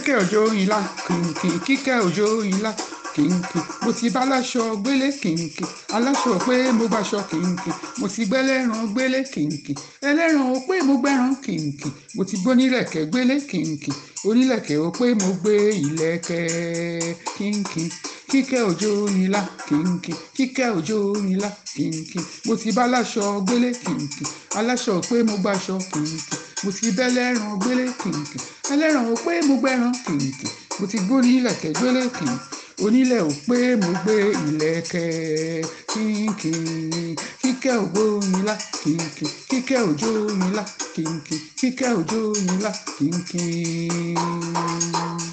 kíkẹ́ òjò ìlà kìnkìn kíkẹ́ òjò ìlà kìnkìn mo ti bá aláṣọ gbélé kìnkìn aláṣọ pé mo gbaṣọ kìnkìn mo ti gbẹ́lẹ́ran gbélé kìnkìn ẹlẹ́ran o pé mo gbẹ́ran kìnkìn mo ti gbónílẹ̀kẹ̀ gbélé kìnkìn onílẹ̀kẹ̀ o pé mo gbé ìlẹ̀kẹ̀ kìnkìn kíkẹ́ òjò nílá kìnkìn kíkẹ́ òjò nílá kìnkìn mo ti bá aláṣọ gbélé kìnkìn aláṣọ pé mo gbaṣọ kìnkìn mo ti bẹ́lẹ́ran gbélé kìnkìn ẹlẹ́ran ò pé mo gbẹ́ran kìnkìn mo ti gbórí ilẹ̀kẹ̀ gbélé kìnkìn onílẹ̀ ò pé mo gbé ilẹ̀kẹ̀ kìnkìn kíkẹ́ ògbó yinla kìnkìn kíkẹ́ òjò yinla kìnkìn kíkẹ́ òjò yinla kìnkìn.